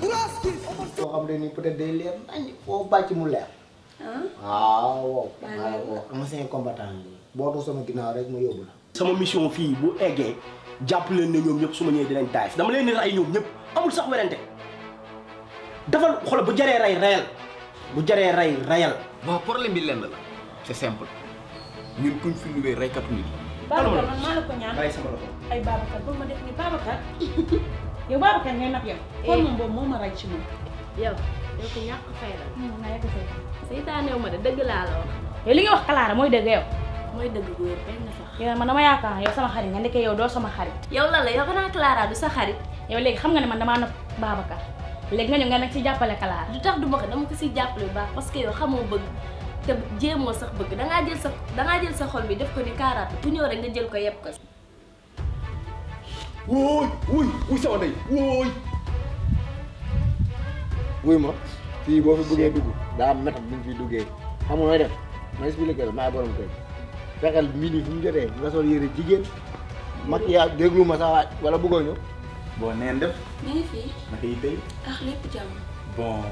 boo xam ne nii peut de day leer nañ foo bàcc mu leer. Ah? waaw. waaw ancien combattant yi boo doo sama ginnaaw rek ma yóbbu la. sama mission fii bu eggee jàpp leen na ñoom ñëpp su ma ñëwee dinañ daay dama leen di rey ñoom ñëpp amul sax werante dafa xool bu jaree rey reyal bu jaree rey reyal. bon problème bi lenn la c'est simple ñun kuñ fi luwee reykatu nit. Babacar man maa la ko ñaan bàyyi sama loxo ay Babacar yow baaru kan ngay nag yow. kon eh. moom boobu moo ma rey ci moom. yow yow ko ñàkk fay la. Hmm, naa yegg de dëgg laa la wax. yow li nga wax Clara mooy dëgg yow. mooy dëgg bu wér benn sax. yow man dama yaakaar yow sama xarit nga nekk yow doo sama xarit. yow lan la yow xanaa Clara du yow léegi xam nga ne man damaa nopp Babacar léegi nga ñëw nga nag si jàppale Clara. du tax du ma ko dama ko si jàppale bu baax parce que yow xamoo bëgg te jéemoo sax bëgg dangaa jël sa dangaa jël sa xol bi def ko ni kaaraat ku ñëw rek nga jël ko yeb ko wóoy wuy wuy sama ndey wóoy wuy ma fii boo fi bëggee dugg daa am méthode bi fiy duggee xam nga def ma expliqué la maa borom kër fexeel mbii nii fu jotee nga sol yére jigéen maquillage déglu ma sa waaj wala bëggoo ñëw bon neen def ah,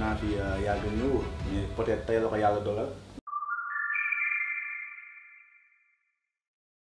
naa fi euh, yàgg ñëw mais peut-être la ko yàlla dogal